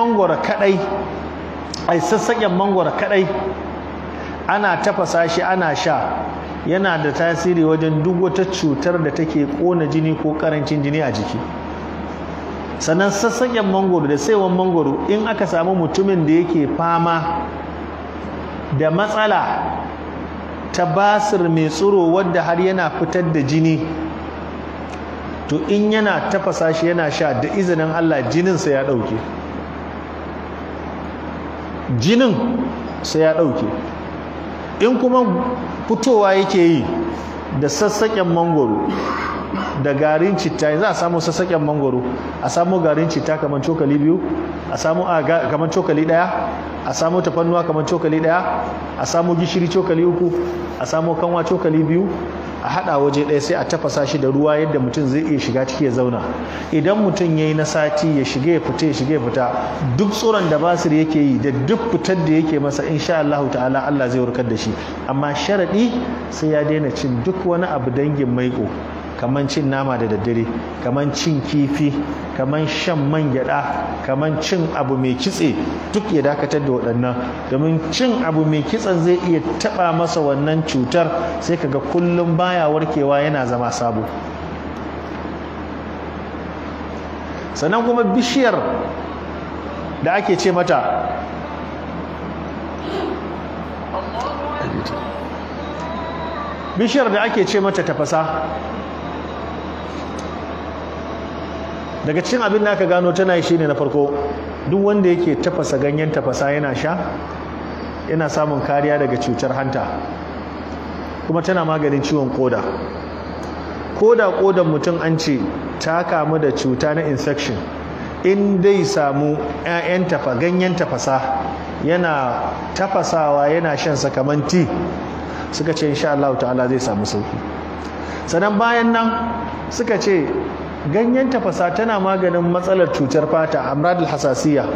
mangwara kadai ai sassaken mangoro kadai ana tafasa shi ana sha yana da tasiri wajen duk wata cutar da take kona jini ko karancin jini a jiki sannan sassaken mangoro da saiwan mangoro in aka samu mutumin da yake fama da matsala ta basir mai tsoro wadda har yana fitar da jini to in yana tafasa shi yana sha da izinin Allah jininsa ya ɗauke. jinin sai ya ɗauke in kuma fitowa yake yi da sassaƙen mangoro da garin citta yanzu a samu sassaken mangoro a samu garin citta kamar cokali biyu a samu kamar cokali ɗaya a samu tafannuwa kamar cokali ɗaya a samu gishiri cokali uku a samu kanwa cokali biyu a haɗa waje ɗaya sai a tafasa shi da ruwa yadda mutum zai iya shiga ciki ya zauna idan mutum ya yi na sati ya shiga ya fita ya shiga ya fita duk tsoron da basir yake yi da duk fitar da yake masa insha Allah ta'ala Allah zai warkar da shi amma sharaɗi sai ya daina cin duk wani abu dangin maiƙo kaman cin nama da daddare kaman cin kifi kaman shan man gyaɗa kaman cin abu mai kitse duk ya dakatar da waɗannan domin cin abu mai kitsen zai iya taɓa masa wannan cutar sai kaga kullum baya warkewa yana zama sabo sannan kuma bishiyar da ake ce mata bishiyar da ake ce mata tafasa daga cikin abin da aka gano tana shi ne na farko duk wanda yake tafasa ganyen tafasa yana sha yana samun kariya daga cutar hanta kuma tana maganin ciwon koda koda kodan mutum an ce ta kamu da cuta na infection in dai samu 'ya'yan tafa ganyen tafasa yana tafasawa yana shan sakaman ti suka ce insha Allah ta'ala zai samu sauki sannan bayan nan suka ce ganyen tafasa tana maganin matsalar cutar fata a amradul hasasiya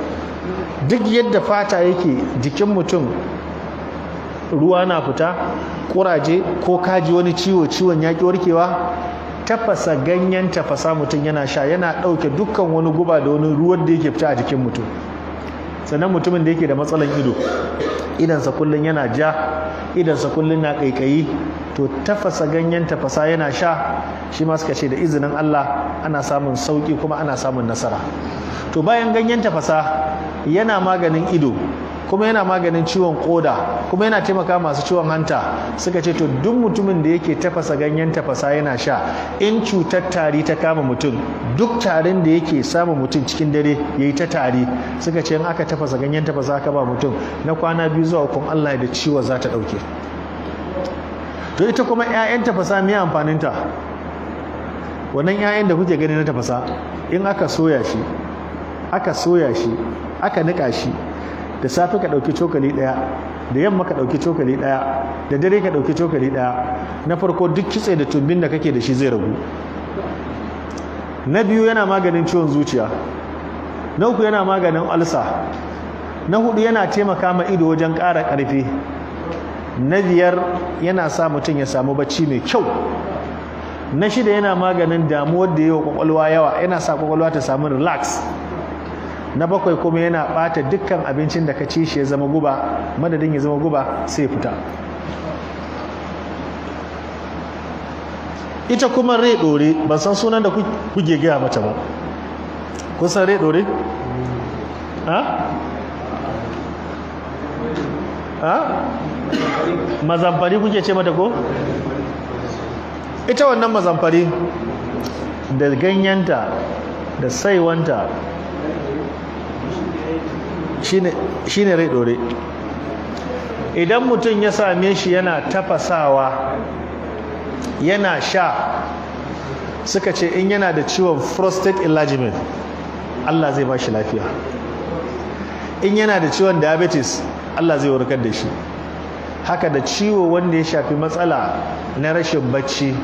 duk yadda fata yake jikin mutum ruwa na fita kuraje ko kaji wani ciwo ciwon yaƙi warkewa tafasa ganyen tafasa mutum yana sha yana ɗauke dukkan wani guba da wani ruwan da yake fita a jikin mutum sannan mutumin da yake da matsalan ido idansa kullum yana ja idansa kullum na ƙaiƙayi to tafasa ganyen tafasa yana sha shi ma suka ce da izinin Allah ana samun sauki kuma ana samun nasara to bayan ganyen tafasa yana maganin ido kuma yana maganin ciwon koda kuma yana taimaka masu ciwon hanta suka ce to duk mutumin da yake tafasa ganyen tafasa yana sha in cutar tari ta kama mutum duk tarin da yake samun mutum cikin dare ya yi ta tari suka ce in aka tafasa ganyen tafasa aka ba mutum na kwana biyu zuwa hukun Allah da ciwo za ta ɗauke. to ita kuma 'ya'yan tafasa amfanin amfaninta wannan 'ya'yan da kuke gani na tafasa in aka soya shi aka soya shi aka niƙa shi da safe ka ɗauki cokali ɗaya da yamma ka ɗauki cokali ɗaya da dare ka ɗauki cokali ɗaya na farko duk kitse da tumbin da kake da shi zai ragu na biyu yana maganin ciwon zuciya na uku yana maganin alsa na hudu yana taimaka ma ido wajen ƙara ƙarfi na biyar yana sa mutum ya samu bacci mai kyau na shida yana maganin damuwar da yi kwakwalwa yawa yana sa kwakwalwa ta samu relax na bakwai kuma yana bata dukkan abincin da ka ci shi ya zama guba madadin ya zama guba sai fita ita kuma rai dore ban san sunan da kuke gaya mata ba kun san rai dore ha mazamfari kuke ce mata ko ita wannan mazamfari da ganyenta da saiwanta shi ne rai dore idan mutum ya same shi yana tafasawa yana sha suka ce in yana da ciwon prostate enlargement Allah zai ba shi lafiya in yana da ciwon diabetes Allah zai warkar da shi haka da ciwo wanda ya shafi matsala na rashin bacci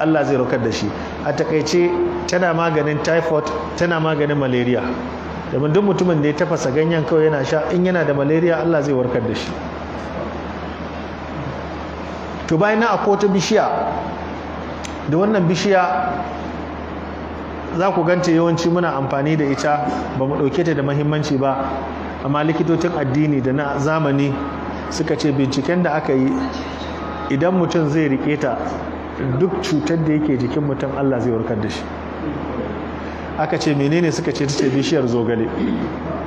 Allah zai warkar da shi a takaice tana maganin typhoid tana maganin malaria domin duk mutumin da ya tafasa ganyen kawai yana sha in yana da malaria Allah zai warkar da shi to bayan na akwai wata bishiya da wannan bishiya za ku ganta yawanci muna amfani da ita ba mu ɗauke ta da muhimmanci ba amma likitocin addini da na zamani suka ce binciken da aka yi idan mutum zai rike ta duk cutar da yake jikin mutum Allah zai warkar da shi aka ce menene suka ce ta ce bishiyar zogale